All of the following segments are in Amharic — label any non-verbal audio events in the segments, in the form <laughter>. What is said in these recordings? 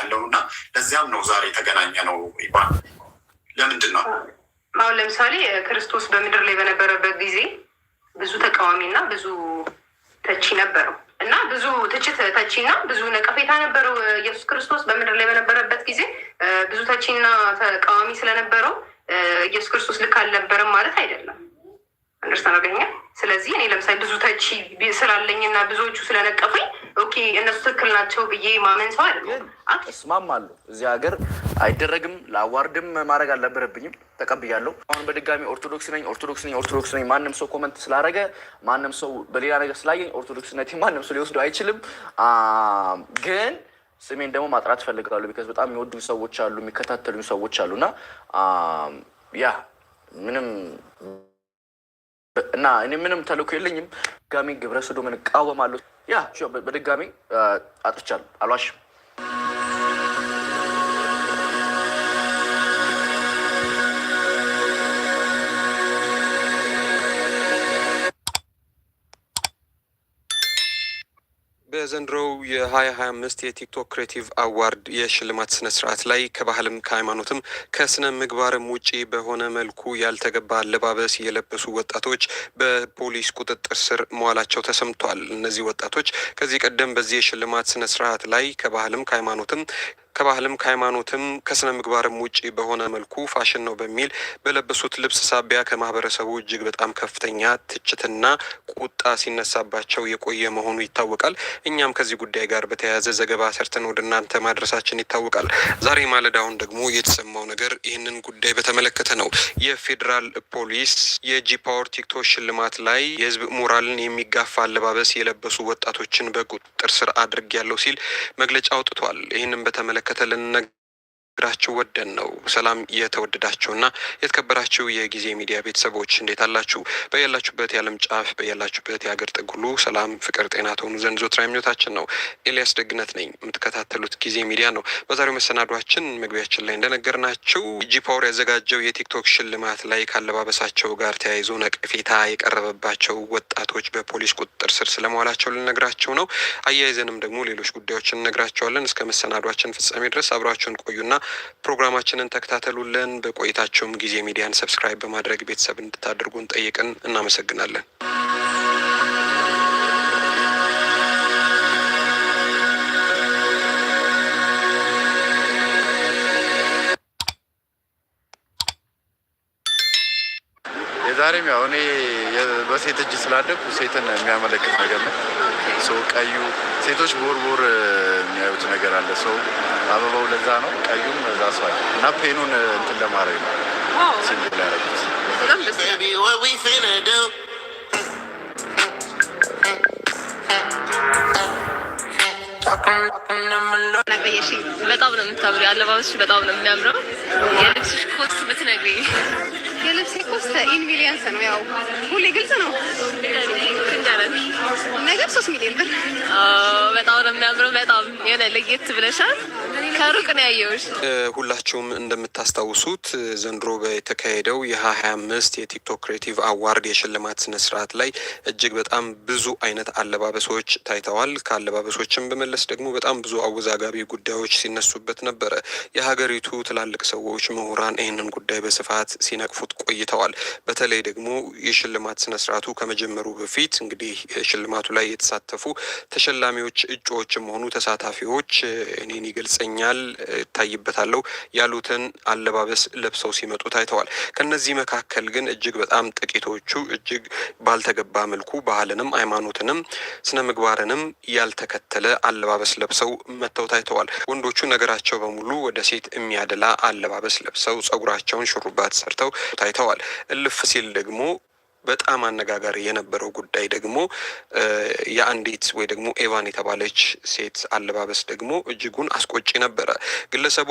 ያለው እና ለዚያም ነው ዛሬ የተገናኘ ነው ይባል። ለምንድን ነው አሁን ለምሳሌ ክርስቶስ በምድር ላይ በነበረበት ጊዜ ብዙ ተቃዋሚ እና ብዙ ተቺ ነበረው እና ብዙ ትችት ተቺና ብዙ ነቀፌታ ነበረው። ኢየሱስ ክርስቶስ በምድር ላይ በነበረበት ጊዜ ብዙ ተቺና ተቃዋሚ ስለነበረው ኢየሱስ ክርስቶስ ልክ አልነበረም ማለት አይደለም። አንደርስታንድ አገኘ። ስለዚህ እኔ ለምሳሌ ብዙ ተቺ ስላለኝና ብዙዎቹ ስለነቀፉኝ ኦኬ እነሱ ትክክል ናቸው ብዬ ማመን ሰው አይደለም። እስማማለሁ። እዚህ ሀገር አይደረግም። ለአዋርድም ማድረግ አልነበረብኝም። ተቀብያለሁ። አሁን በድጋሚ ኦርቶዶክስ ነኝ፣ ኦርቶዶክስ ነኝ፣ ኦርቶዶክስ ነኝ። ማንም ሰው ኮመንት ስላደረገ ማንም ሰው በሌላ ነገር ስላየኝ ኦርቶዶክስነት ማንም ሰው ሊወስደው አይችልም። ግን ስሜን ደግሞ ማጥራት እፈልጋለሁ። ቢካዝ በጣም የሚወዱኝ ሰዎች አሉ፣ የሚከታተሉ ሰዎች አሉ እና ያ ምንም እና እኔ ምንም ተልእኮ የለኝም። ድጋሜ ግብረ ሰዶምን እቃወማለሁ። ያ በድጋሚ አጥርቻለሁ፣ አልዋሽም። በዘንድሮው የ2025 የቲክቶክ ክሬቲቭ አዋርድ የሽልማት ስነ ስርዓት ላይ ከባህልም ከሃይማኖትም ከስነ ምግባርም ውጪ በሆነ መልኩ ያልተገባ አለባበስ የለበሱ ወጣቶች በፖሊስ ቁጥጥር ስር መዋላቸው ተሰምቷል። እነዚህ ወጣቶች ከዚህ ቀደም በዚህ የሽልማት ስነ ስርዓት ላይ ከባህልም ከሃይማኖትም ከባህልም ከሃይማኖትም ከስነ ምግባርም ውጪ በሆነ መልኩ ፋሽን ነው በሚል በለበሱት ልብስ ሳቢያ ከማህበረሰቡ እጅግ በጣም ከፍተኛ ትችትና ቁጣ ሲነሳባቸው የቆየ መሆኑ ይታወቃል። እኛም ከዚህ ጉዳይ ጋር በተያያዘ ዘገባ ሰርተን ወደ እናንተ ማድረሳችን ይታወቃል። ዛሬ ማለዳውን ደግሞ የተሰማው ነገር ይህንን ጉዳይ በተመለከተ ነው። የፌዴራል ፖሊስ የጂ ፓወር ቲክቶክ ሽልማት ላይ የህዝብ ሞራልን የሚጋፋ አለባበስ የለበሱ ወጣቶችን በቁጥጥር ስር ያለው ሲል መግለጫ አውጥቷል። ይህንን በተመለከተ የሚያስከተልን ግራችሁ ወደን ነው። ሰላም የተወደዳችሁና የተከበራችሁ የጊዜ ሚዲያ ቤተሰቦች እንዴት አላችሁ? በያላችሁበት የዓለም ጫፍ በያላችሁበት የሀገር ጥጉሉ ሰላም፣ ፍቅር፣ ጤና ተሆኑ ዘንድ ዞትራ ምኞታችን ነው። ኤልያስ ደግነት ነኝ። የምትከታተሉት ጊዜ ሚዲያ ነው። በዛሬው መሰናዷችን መግቢያችን ላይ እንደነገርናችሁ ጂ ፓወር ያዘጋጀው የቲክቶክ ሽልማት ላይ ካለባበሳቸው ጋር ተያይዞ ነቀፌታ የቀረበባቸው ወጣቶች በፖሊስ ቁጥጥር ስር ስለመዋላቸው ልነግራችሁ ነው። አያይዘንም ደግሞ ሌሎች ጉዳዮችን እነግራቸዋለን። እስከ መሰናዷችን ፍጻሜ ድረስ አብራችሁን ቆዩና ፕሮግራማችንን ተከታተሉልን። በቆይታቸውም ጊዜ ሚዲያን ሰብስክራይብ በማድረግ ቤተሰብ እንድታደርጉን ጠይቅን እናመሰግናለን። ዛሬም ያው እኔ በሴት እጅ ስላደኩ ሴትን የሚያመለክት ነገር ነው። ሰው ቀዩ ሴቶች ቦርቦር የሚያዩት ነገር አለ። ሰው አበባው ለዛ ነው፣ ቀዩም ለዛ ሰው እና ፔኑን እንትን ለማድረግ ነው ሲንግል ያደረጉት። በጣም ነው የምታምሪው። አለባበስሽ በጣም ነው የሚያምረው። የልብስሽ ኮት ምትነግሪኝ የልብሴ ኮስት ኢንቪሊየንስ ነው። ያው ሁሌ ግልጽ ነው ነገር ሶስት ሚሊዮን ብር በጣም ነው የሚያምረው። በጣም የሆነ ለየት ብለሻል። ከሩቅ ነው ያየሁሽ። ሁላችሁም እንደምታስታውሱት ዘንድሮ የተካሄደው የ 25 የቲክቶክ ክሬቲቭ አዋርድ የሽልማት ስነስርዓት ላይ እጅግ በጣም ብዙ አይነት አለባበሶች ታይተዋል። ከአለባበሶችም በመለስ ደግሞ በጣም ብዙ አወዛጋቢ ጉዳዮች ሲነሱበት ነበረ። የሀገሪቱ ትላልቅ ሰዎች፣ ምሁራን ይህንን ጉዳይ በስፋት ሲነቅፉት ቆይተዋል። በተለይ ደግሞ የሽልማት ስነስርዓቱ ከመጀመሩ በፊት እንግዲህ ሽልማቱ ላይ የተሳተፉ ተሸላሚዎች፣ እጩዎችም ሆኑ ተሳታፊዎች እኔን ይገልጸኛል ይታየኛል ይታይበታለው ያሉትን አለባበስ ለብሰው ሲመጡ ታይተዋል። ከነዚህ መካከል ግን እጅግ በጣም ጥቂቶቹ እጅግ ባልተገባ መልኩ ባህልንም ሃይማኖትንም ስነ ምግባርንም ያልተከተለ አለባበስ ለብሰው መጥተው ታይተዋል። ወንዶቹ ነገራቸው በሙሉ ወደ ሴት የሚያደላ አለባበስ ለብሰው ጸጉራቸውን ሹሩባ ተሰርተው ታይተዋል። እልፍ ሲል ደግሞ በጣም አነጋጋሪ የነበረው ጉዳይ ደግሞ የአንዲት ወይ ደግሞ ኤቫን የተባለች ሴት አለባበስ ደግሞ እጅጉን አስቆጪ ነበረ። ግለሰቧ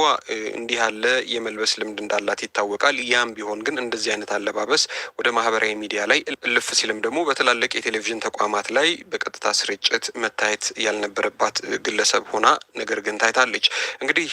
እንዲህ ያለ የመልበስ ልምድ እንዳላት ይታወቃል። ያም ቢሆን ግን እንደዚህ አይነት አለባበስ ወደ ማህበራዊ ሚዲያ ላይ እልፍ ሲልም ደግሞ በትላልቅ የቴሌቪዥን ተቋማት ላይ በቀጥታ ስርጭት መታየት ያልነበረባት ግለሰብ ሆና ነገር ግን ታይታለች። እንግዲህ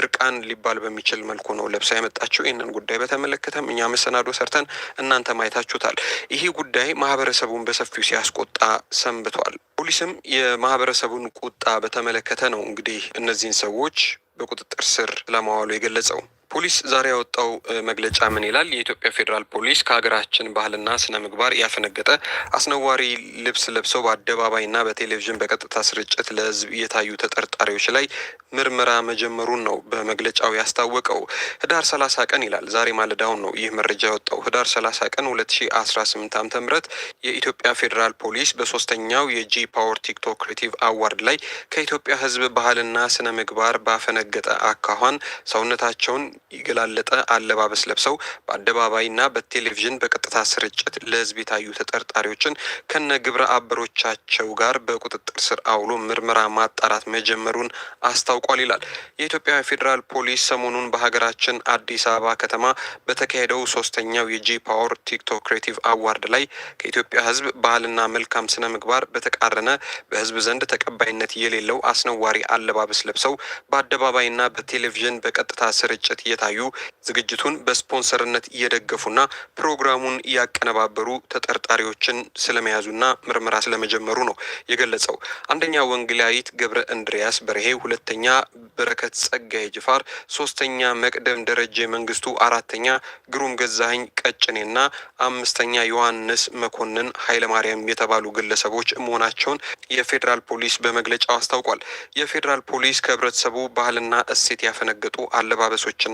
እርቃን ሊባል በሚችል መልኩ ነው ለብሳ የመጣችው። ይህንን ጉዳይ በተመለከተም እኛ መሰናዶ ሰርተን እናንተ ማየታችሁታል። ይሄ ጉዳይ ማህበረሰቡን በሰፊው ሲያስቆጣ ሰንብቷል። ፖሊስም የማህበረሰቡን ቁጣ በተመለከተ ነው እንግዲህ እነዚህን ሰዎች በቁጥጥር ስር ለማዋሉ የገለጸው። ፖሊስ ዛሬ ያወጣው መግለጫ ምን ይላል? የኢትዮጵያ ፌዴራል ፖሊስ ከሀገራችን ባህልና ስነ ምግባር ያፈነገጠ አስነዋሪ ልብስ ለብሰው በአደባባይና በቴሌቪዥን በቀጥታ ስርጭት ለሕዝብ የታዩ ተጠርጣሪዎች ላይ ምርመራ መጀመሩን ነው በመግለጫው ያስታወቀው። ህዳር 30 ቀን ይላል ዛሬ ማለዳውን ነው ይህ መረጃ ያወጣው። ህዳር 30 ቀን 2018 ዓ.ም የኢትዮጵያ ፌዴራል ፖሊስ በሶስተኛው የጂ ፓወር ቲክቶክ ክሬቲቭ አዋርድ ላይ ከኢትዮጵያ ሕዝብ ባህልና ስነ ምግባር ባፈነገጠ አካኋን ሰውነታቸውን የገላለጠ አለባበስ ለብሰው በአደባባይና በቴሌቪዥን በቀጥታ ስርጭት ለህዝብ የታዩ ተጠርጣሪዎችን ከነ ግብረ አበሮቻቸው ጋር በቁጥጥር ስር አውሎ ምርመራ ማጣራት መጀመሩን አስታውቋል ይላል። የኢትዮጵያ ፌዴራል ፖሊስ ሰሞኑን በሀገራችን አዲስ አበባ ከተማ በተካሄደው ሶስተኛው የጂ ፓወር ቲክቶክ ክሬቲቭ አዋርድ ላይ ከኢትዮጵያ ህዝብ ባህልና መልካም ስነ ምግባር በተቃረነ በህዝብ ዘንድ ተቀባይነት የሌለው አስነዋሪ አለባበስ ለብሰው በአደባባይና በቴሌቪዥን በቀጥታ ስርጭት እየታዩ ዝግጅቱን በስፖንሰርነት እየደገፉና ፕሮግራሙን እያቀነባበሩ ተጠርጣሪዎችን ስለመያዙና ምርመራ ስለመጀመሩ ነው የገለጸው። አንደኛ ወንጌላዊት ገብረ እንድሪያስ በርሄ፣ ሁለተኛ በረከት ጸጋዬ ጅፋር ሶስተኛ፣ መቅደም ደረጀ መንግስቱ አራተኛ፣ ግሩም ገዛኸኝ ቀጭኔና አምስተኛ ዮሐንስ መኮንን ኃይለማርያም የተባሉ ግለሰቦች መሆናቸውን የፌዴራል ፖሊስ በመግለጫው አስታውቋል። የፌዴራል ፖሊስ ከህብረተሰቡ ባህልና እሴት ያፈነገጡ አለባበሶችና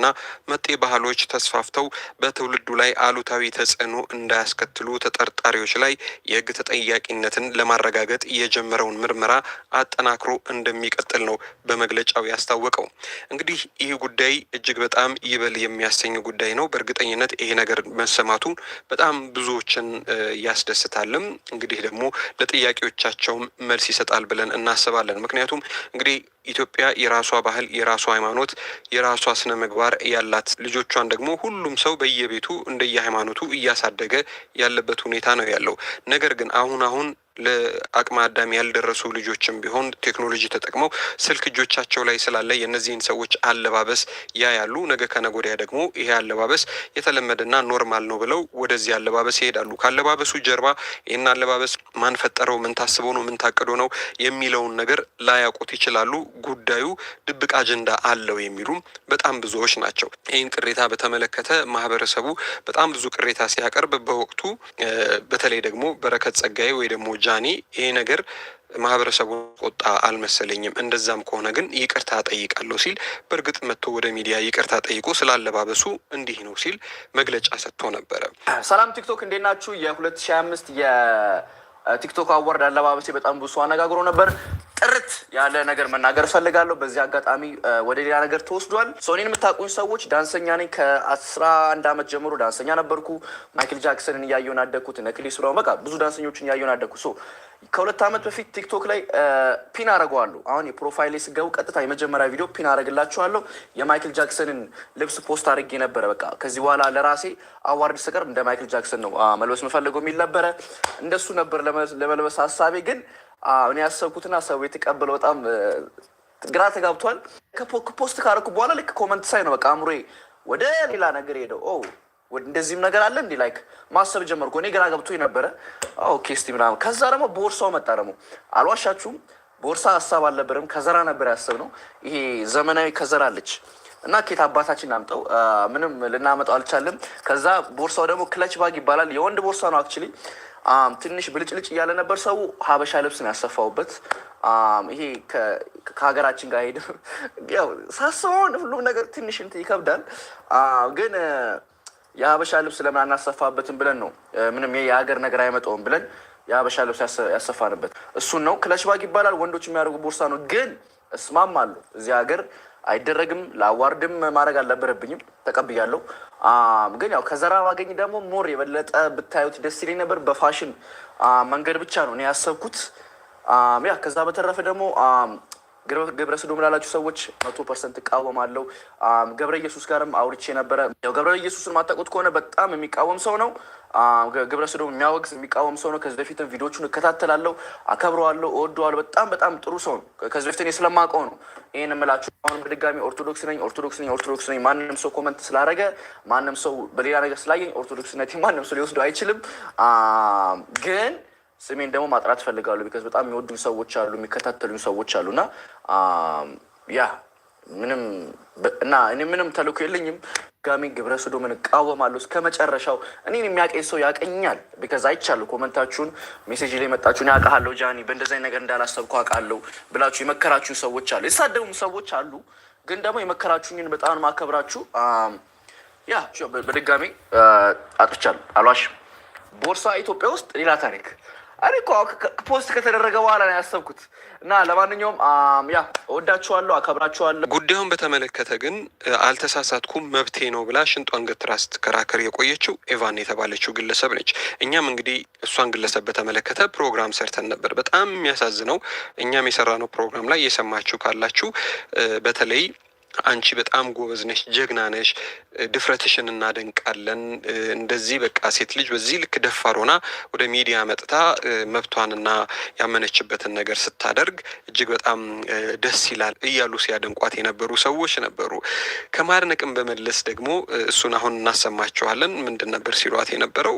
መጤ ባህሎች ተስፋፍተው በትውልዱ ላይ አሉታዊ ተጽዕኖ እንዳያስከትሉ ተጠርጣሪዎች ላይ የህግ ተጠያቂነትን ለማረጋገጥ የጀመረውን ምርመራ አጠናክሮ እንደሚቀጥል ነው በመግለጫው ያስታ ያስታወቀው። እንግዲህ ይህ ጉዳይ እጅግ በጣም ይበል የሚያሰኝ ጉዳይ ነው። በእርግጠኝነት ይሄ ነገር መሰማቱ በጣም ብዙዎችን ያስደስታልም። እንግዲህ ደግሞ ለጥያቄዎቻቸውም መልስ ይሰጣል ብለን እናስባለን። ምክንያቱም እንግዲህ ኢትዮጵያ የራሷ ባህል፣ የራሷ ሃይማኖት፣ የራሷ ስነ ምግባር ያላት ልጆቿን ደግሞ ሁሉም ሰው በየቤቱ እንደየሃይማኖቱ እያሳደገ ያለበት ሁኔታ ነው ያለው። ነገር ግን አሁን አሁን ለአቅመ አዳሚ ያልደረሱ ልጆችም ቢሆን ቴክኖሎጂ ተጠቅመው ስልክ እጆቻቸው ላይ ስላለ የእነዚህን ሰዎች አለባበስ ያያሉ። ነገ ከነገ ወዲያ ደግሞ ይሄ አለባበስ የተለመደና ኖርማል ነው ብለው ወደዚህ አለባበስ ይሄዳሉ። ከአለባበሱ ጀርባ ይህን አለባበስ ማን ፈጠረው፣ ምን ታስቦ ነው፣ ምን ታቅዶ ነው የሚለውን ነገር ላያውቁት ይችላሉ። ጉዳዩ ድብቅ አጀንዳ አለው የሚሉም በጣም ብዙዎች ናቸው። ይህን ቅሬታ በተመለከተ ማህበረሰቡ በጣም ብዙ ቅሬታ ሲያቀርብ በወቅቱ በተለይ ደግሞ በረከት ጸጋዬ ወይ ደግሞ ጃኒ ይሄ ነገር ማህበረሰቡን ቆጣ አልመሰለኝም። እንደዛም ከሆነ ግን ይቅርታ ጠይቃለሁ ሲል በእርግጥ መጥቶ ወደ ሚዲያ ይቅርታ ጠይቆ ስላለባበሱ እንዲህ ነው ሲል መግለጫ ሰጥቶ ነበረ። ሰላም ቲክቶክ እንዴት ናችሁ? የ2025 የቲክቶክ አዋርድ አለባበሴ በጣም ብሶ አነጋግሮ ነበር። ያለ ነገር መናገር እፈልጋለሁ። በዚህ አጋጣሚ ወደ ሌላ ነገር ተወስዷል። ሶኒን የምታውቁኝ ሰዎች ዳንሰኛ ነኝ። ከአስራ አንድ ዓመት ጀምሮ ዳንሰኛ ነበርኩ። ማይክል ጃክሰንን እያየውን አደግኩት። ነክሌ ስራው በቃ ብዙ ዳንሰኞችን እያየውን አደግኩ። ሶ ከሁለት ዓመት በፊት ቲክቶክ ላይ ፒን አረገዋለሁ። አሁን የፕሮፋይል ስገቡ ቀጥታ የመጀመሪያ ቪዲዮ ፒን አረግላችኋለሁ። የማይክል ጃክሰንን ልብስ ፖስት አድርጌ ነበረ። በቃ ከዚህ በኋላ ለራሴ አዋርድ ስቀር እንደ ማይክል ጃክሰን ነው መልበስ የምፈልገው የሚል ነበረ። እንደሱ ነበር ለመልበስ ሀሳቤ ግን እኔ ያሰብኩትና ሰው የተቀበለ በጣም ግራ ተጋብቷል። ፖስት ካረኩ በኋላ ልክ ኮመንት ሳይ ነው በቃ አእምሮዬ ወደ ሌላ ነገር ሄደው እንደዚህም ነገር አለ እንዲ ላይክ ማሰብ ጀመርኩ። እኔ ግራ ገብቶ ነበረ ኦኬ እስቲ ምናምን። ከዛ ደግሞ ቦርሳው መጣ። ደግሞ አልዋሻችሁም ቦርሳ ሀሳብ አልነበረም ከዘራ ነበር ያሰብነው። ይሄ ዘመናዊ ከዘራ አለች እና ኬት አባታችን አምጠው ምንም ልናመጣው አልቻለም። ከዛ ቦርሳው ደግሞ ክለች ባግ ይባላል። የወንድ ቦርሳ ነው አክቹዋሊ ትንሽ ብልጭልጭ እያለ ነበር። ሰው ሀበሻ ልብስን ያሰፋውበት ይሄ ከሀገራችን ጋር ሄድ <laughs> ያው ሳስበውን ሁሉም ነገር ትንሽ እንትን ይከብዳል። ግን የሀበሻ ልብስ ለምን አናሰፋበትም ብለን ነው ምንም የሀገር ነገር አይመጣውም ብለን የሀበሻ ልብስ ያሰፋንበት እሱን ነው። ክለሽባግ ይባላል። ወንዶች የሚያደርጉ ቦርሳ ነው። ግን አሉ እዚህ ሀገር አይደረግም። ለአዋርድም ማድረግ አልነበረብኝም። ተቀብያለሁ። ግን ያው ከዘራ ባገኝ ደግሞ ሞር የበለጠ ብታዩት ደስ ይለኝ ነበር። በፋሽን መንገድ ብቻ ነው እኔ ያሰብኩት። ያ ከዛ በተረፈ ደግሞ ግብረ ሰዶም ላላችሁ ሰዎች መቶ ፐርሰንት እቃወማለሁ። ገብረ ኢየሱስ ጋርም አውርቼ ነበረ። ያው ገብረ ኢየሱስን ማታውቁት ከሆነ በጣም የሚቃወም ሰው ነው። ግብረ ሰዶም የሚያወግዝ የሚቃወም ሰው ነው። ከዚህ በፊትም ቪዲዮቹን እከታተላለሁ፣ አከብረዋለሁ፣ እወደዋለሁ። በጣም በጣም ጥሩ ሰው ነው። ከዚህ በፊት እኔ ስለማውቀው ነው ይህን የምላችሁ። አሁንም በድጋሚ ኦርቶዶክስ ነኝ፣ ኦርቶዶክስ ነኝ፣ ኦርቶዶክስ ነኝ። ማንም ሰው ኮመንት ስላደረገ ማንም ሰው በሌላ ነገር ስላየኝ ኦርቶዶክስነት ማንም ሰው ሊወስደው አይችልም ግን ስሜን ደግሞ ማጥራት ፈልጋሉ ቢካዝ በጣም የሚወዱኝ ሰዎች አሉ፣ የሚከታተሉኝ ሰዎች አሉ እና ያ um, ምንም እና እኔ ምንም ተልኮ የለኝም። ጋሚ ግብረ ሰዶምን እቃወማለሁ እስከ መጨረሻው። እኔን የሚያቀኝ ሰው ያቀኛል። ቢካዝ አይቻሉ ኮመንታችሁን፣ ሜሴጅ ላይ መጣችሁን ያውቃለሁ። ጃኒ በእንደዚ ነገር እንዳላሰብኩ አውቃለሁ ብላችሁ የመከራችሁን ሰዎች አሉ፣ የተሳደቡም ሰዎች አሉ። ግን ደግሞ የመከራችሁኝን በጣም ማከብራችሁ። ያ um, በድጋሚ uh, አጥፍቻለሁ፣ አልዋሽም። ቦርሳ ኢትዮጵያ ውስጥ ሌላ ታሪክ እኔ እኮ ፖስት ከተደረገ በኋላ ነው ያሰብኩት እና ለማንኛውም ያ እወዳችኋለሁ፣ አከብራችኋለሁ። ጉዳዩን በተመለከተ ግን አልተሳሳትኩም መብቴ ነው ብላ ሽንጧን ገትራ ስትከራከር የቆየችው ኤቫን የተባለችው ግለሰብ ነች። እኛም እንግዲህ እሷን ግለሰብ በተመለከተ ፕሮግራም ሰርተን ነበር። በጣም የሚያሳዝነው እኛም የሰራነው ፕሮግራም ላይ እየሰማችሁ ካላችሁ በተለይ አንቺ በጣም ጎበዝ ነሽ፣ ጀግና ነሽ፣ ድፍረትሽን እናደንቃለን። እንደዚህ በቃ ሴት ልጅ በዚህ ልክ ደፋር ሆና ወደ ሚዲያ መጥታ መብቷንና ያመነችበትን ነገር ስታደርግ እጅግ በጣም ደስ ይላል እያሉ ሲያደንቋት የነበሩ ሰዎች ነበሩ። ከማድነቅም በመለስ ደግሞ እሱን አሁን እናሰማችኋለን። ምንድን ነበር ሲሏት የነበረው?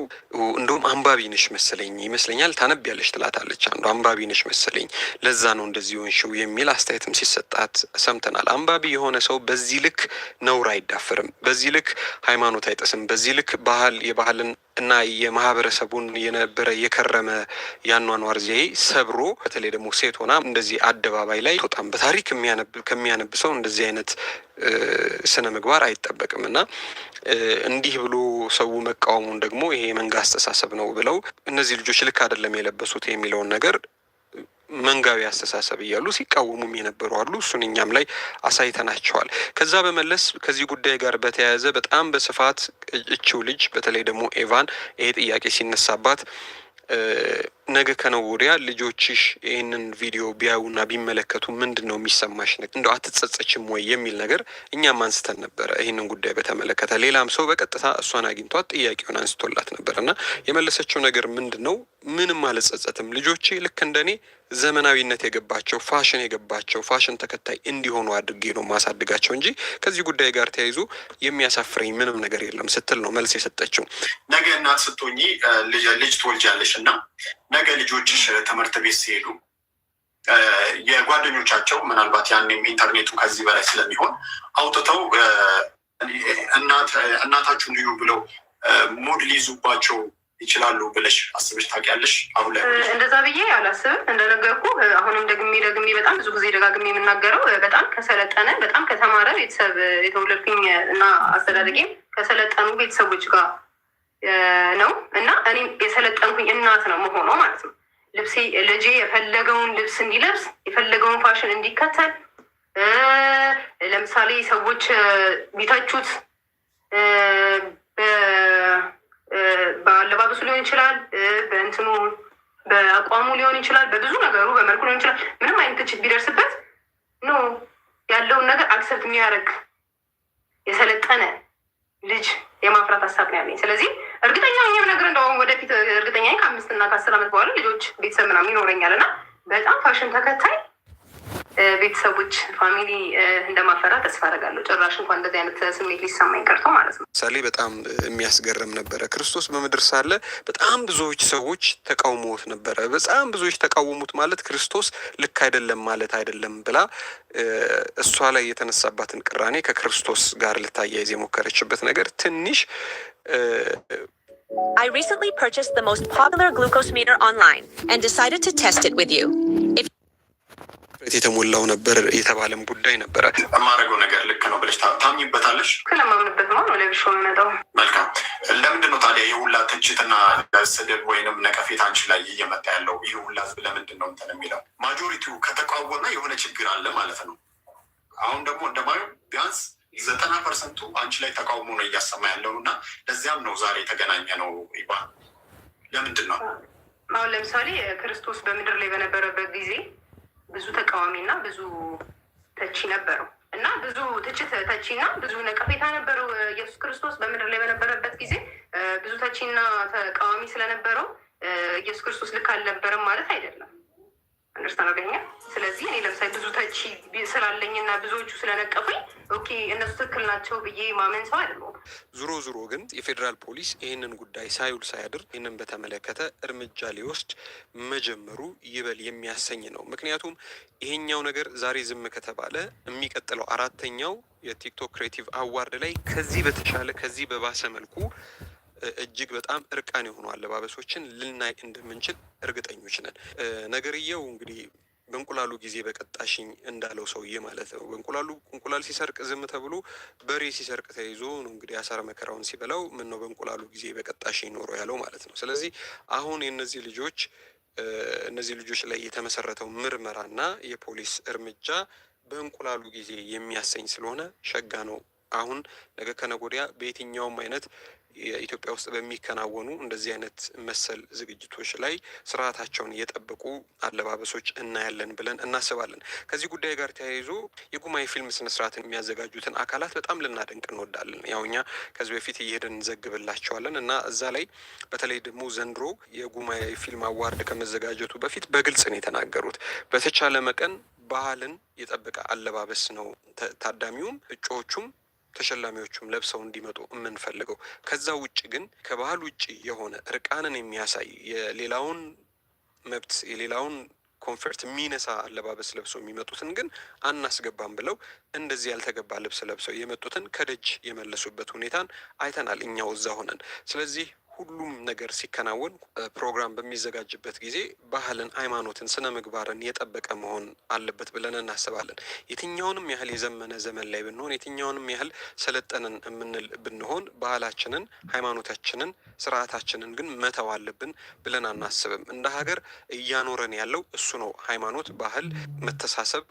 እንደውም አንባቢ ነሽ መሰለኝ ይመስለኛል ታነብ ያለች ትላታለች። አንዱ አንባቢ ነሽ መሰለኝ ለዛ ነው እንደዚህ ሆንሽው የሚል አስተያየትም ሲሰጣት ሰምተናል። አንባቢ የሆነ ሰው በዚህ ልክ ነውር አይዳፈርም። በዚህ በዚህ ልክ ሃይማኖት አይጥስም። በዚህ ልክ ባህል የባህልን እና የማህበረሰቡን የነበረ የከረመ ያኗኗር ዜ ሰብሮ በተለይ ደግሞ ሴት ሆና እንደዚህ አደባባይ ላይ በጣም በታሪክ ከሚያነብ ሰው እንደዚህ አይነት ስነ ምግባር አይጠበቅም እና እንዲህ ብሎ ሰው መቃወሙን ደግሞ ይሄ የመንጋ አስተሳሰብ ነው ብለው እነዚህ ልጆች ልክ አይደለም የለበሱት የሚለውን ነገር መንጋዊ አስተሳሰብ እያሉ ሲቃወሙም የነበሩ አሉ። እሱን እኛም ላይ አሳይተናቸዋል። ከዛ በመለስ ከዚህ ጉዳይ ጋር በተያያዘ በጣም በስፋት እችው ልጅ በተለይ ደግሞ ኤቫን ይሄ ጥያቄ ሲነሳባት ነገ ከነው ወዲያ ልጆችሽ ይህንን ቪዲዮ ቢያዩና ቢመለከቱ ምንድን ነው የሚሰማሽ? እንደው አትጸጸችም ወይ የሚል ነገር እኛም አንስተን ነበረ። ይህንን ጉዳይ በተመለከተ ሌላም ሰው በቀጥታ እሷን አግኝቷት ጥያቄውን አንስቶላት ነበር እና የመለሰችው ነገር ምንድን ነው ምንም አልጸጸትም። ልጆቼ ልክ እንደኔ ዘመናዊነት የገባቸው ፋሽን የገባቸው ፋሽን ተከታይ እንዲሆኑ አድርጌ ነው ማሳድጋቸው እንጂ ከዚህ ጉዳይ ጋር ተያይዞ የሚያሳፍረኝ ምንም ነገር የለም ስትል ነው መልስ የሰጠችው። ነገ እናት ስትሆኚ ልጅ ትወልጃለሽ እና ነገ ልጆችሽ ትምህርት ቤት ሲሄዱ የጓደኞቻቸው ምናልባት ያንም ኢንተርኔቱ ከዚህ በላይ ስለሚሆን አውጥተው እናታችሁን ልዩ ብለው ሙድ ሊይዙባቸው ይችላሉ ብለሽ አስበሽ ታውቂያለሽ? አሁን ላይ እንደዛ ብዬ አላስብም። እንደነገርኩ አሁንም ደግሜ ደግሜ በጣም ብዙ ጊዜ ደጋግሜ የምናገረው በጣም ከሰለጠነ በጣም ከተማረ ቤተሰብ የተወለድኩኝ እና አስተዳደጌም ከሰለጠኑ ቤተሰቦች ጋር ነው እና እኔም የሰለጠንኩኝ እናት ነው መሆነው ማለት ነው። ልብሴ ልጄ የፈለገውን ልብስ እንዲለብስ የፈለገውን ፋሽን እንዲከተል ለምሳሌ ሰዎች ቢተቹት በአለባበሱ ሊሆን ይችላል፣ በእንትኑ በአቋሙ ሊሆን ይችላል፣ በብዙ ነገሩ በመልኩ ሊሆን ይችላል። ምንም አይነት ትችት ቢደርስበት ኖ ያለውን ነገር አክሰፕት የሚያደርግ የሰለጠነ ልጅ የማፍራት ሀሳብ ነው ያለኝ። ስለዚህ እርግጠኛ እኛም ነገር እንደውም ወደፊት እርግጠኛ ከአምስት እና ከአስር ዓመት በኋላ ልጆች ቤተሰብ ምናምን ይኖረኛል እና በጣም ፋሽን ተከታይ ቤተሰቦች ፋሚሊ እንደማፈራ ተስፋ አደርጋለሁ። ጭራሽ እንኳን እንደዚህ አይነት ስሜት ሊሰማኝ ቀርቶ ማለት ነው። ምሳሌ በጣም የሚያስገርም ነበረ። ክርስቶስ በምድር ሳለ በጣም ብዙዎች ሰዎች ተቃውሞት ነበረ። በጣም ብዙዎች ተቃወሙት ማለት ክርስቶስ ልክ አይደለም ማለት አይደለም ብላ እሷ ላይ የተነሳባትን ቅራኔ ከክርስቶስ ጋር ልታያይዝ የሞከረችበት ነገር ትንሽ I recently purchased the most popular glucose meter online and decided to test it with you. If የተሞላው ነበር የተባለም ጉዳይ ነበረ። የማደርገው ነገር ልክ ነው ብለሽ ታምኝበታለሽ? ስለማምንበት ነው ወደ ቢሾ የሚመጣው። መልካም። ለምንድን ነው ታዲያ ይህ ሁላ ትችትና ስድብ ወይንም ነቀፌት አንቺ ላይ እየመጣ ያለው? ይህ ሁላ ለምንድን ነው እንትን የሚለው? ማጆሪቲው ከተቃወመ የሆነ ችግር አለ ማለት ነው። አሁን ደግሞ እንደማየው ቢያንስ ዘጠና ፐርሰንቱ አንቺ ላይ ተቃውሞ ነው እያሰማ ያለው እና ለዚያም ነው ዛሬ የተገናኘ ነው ይባል። ለምንድን ነው አሁን ለምሳሌ ክርስቶስ በምድር ላይ በነበረበት ጊዜ ብዙ ተቃዋሚና ብዙ ተቺ ነበረው እና ብዙ ትችት ተቺና ብዙ ነቀፌታ ነበረው። ኢየሱስ ክርስቶስ በምድር ላይ በነበረበት ጊዜ ብዙ ተቺና ተቃዋሚ ስለነበረው ኢየሱስ ክርስቶስ ልክ አልነበረም ማለት አይደለም። አንደርስታን አገኛ። ስለዚህ እኔ ለምሳሌ ብዙ ተቺ ስላለኝና ብዙዎቹ ስለነቀፉኝ ኦኬ እነሱ ትክክል ናቸው ብዬ ማመን ሰው አይደለም። ዙሮ ዙሮ ግን የፌዴራል ፖሊስ ይህንን ጉዳይ ሳይውል ሳያድር ይህንን በተመለከተ እርምጃ ሊወስድ መጀመሩ ይበል የሚያሰኝ ነው። ምክንያቱም ይሄኛው ነገር ዛሬ ዝም ከተባለ የሚቀጥለው አራተኛው የቲክቶክ ክሬቲቭ አዋርድ ላይ ከዚህ በተሻለ ከዚህ በባሰ መልኩ እጅግ በጣም እርቃን የሆኑ አለባበሶችን ልናይ እንደምንችል እርግጠኞች ነን። ነገርየው እንግዲህ በእንቁላሉ ጊዜ በቀጣሽኝ እንዳለው ሰውዬ ማለት ነው። በእንቁላሉ እንቁላል ሲሰርቅ ዝም ተብሎ በሬ ሲሰርቅ ተይዞ ነው እንግዲህ አሳር መከራውን ሲበላው ምን ነው በእንቁላሉ ጊዜ በቀጣሽኝ ኖሮ ያለው ማለት ነው። ስለዚህ አሁን የእነዚህ ልጆች እነዚህ ልጆች ላይ የተመሰረተው ምርመራና የፖሊስ እርምጃ በእንቁላሉ ጊዜ የሚያሰኝ ስለሆነ ሸጋ ነው። አሁን ነገ ከነጎዲያ በየትኛውም አይነት የኢትዮጵያ ውስጥ በሚከናወኑ እንደዚህ አይነት መሰል ዝግጅቶች ላይ ስርዓታቸውን እየጠበቁ አለባበሶች እናያለን ብለን እናስባለን። ከዚህ ጉዳይ ጋር ተያይዞ የጉማኤ ፊልም ስነስርዓትን የሚያዘጋጁትን አካላት በጣም ልናደንቅ እንወዳለን። ያው እኛ ከዚህ በፊት እየሄደን እንዘግብላቸዋለን እና እዛ ላይ በተለይ ደግሞ ዘንድሮ የጉማኤ ፊልም አዋርድ ከመዘጋጀቱ በፊት በግልጽ ነው የተናገሩት በተቻለ መቀን ባህልን የጠበቀ አለባበስ ነው ታዳሚውም እጩዎቹም ተሸላሚዎቹም ለብሰው እንዲመጡ የምንፈልገው። ከዛ ውጭ ግን ከባህል ውጭ የሆነ እርቃንን የሚያሳይ የሌላውን መብት የሌላውን ኮንፈርት የሚነሳ አለባበስ ለብሰው የሚመጡትን ግን አናስገባም ብለው እንደዚህ ያልተገባ ልብስ ለብሰው የመጡትን ከደጅ የመለሱበት ሁኔታን አይተናል እኛው እዛ ሆነን። ስለዚህ ሁሉም ነገር ሲከናወን ፕሮግራም በሚዘጋጅበት ጊዜ ባህልን፣ ሃይማኖትን፣ ስነ ምግባርን የጠበቀ መሆን አለበት ብለን እናስባለን። የትኛውንም ያህል የዘመነ ዘመን ላይ ብንሆን፣ የትኛውንም ያህል ሰለጠንን የምንል ብንሆን ባህላችንን፣ ሃይማኖታችንን፣ ስርዓታችንን ግን መተው አለብን ብለን አናስብም። እንደ ሀገር እያኖረን ያለው እሱ ነው። ሃይማኖት፣ ባህል፣ መተሳሰብ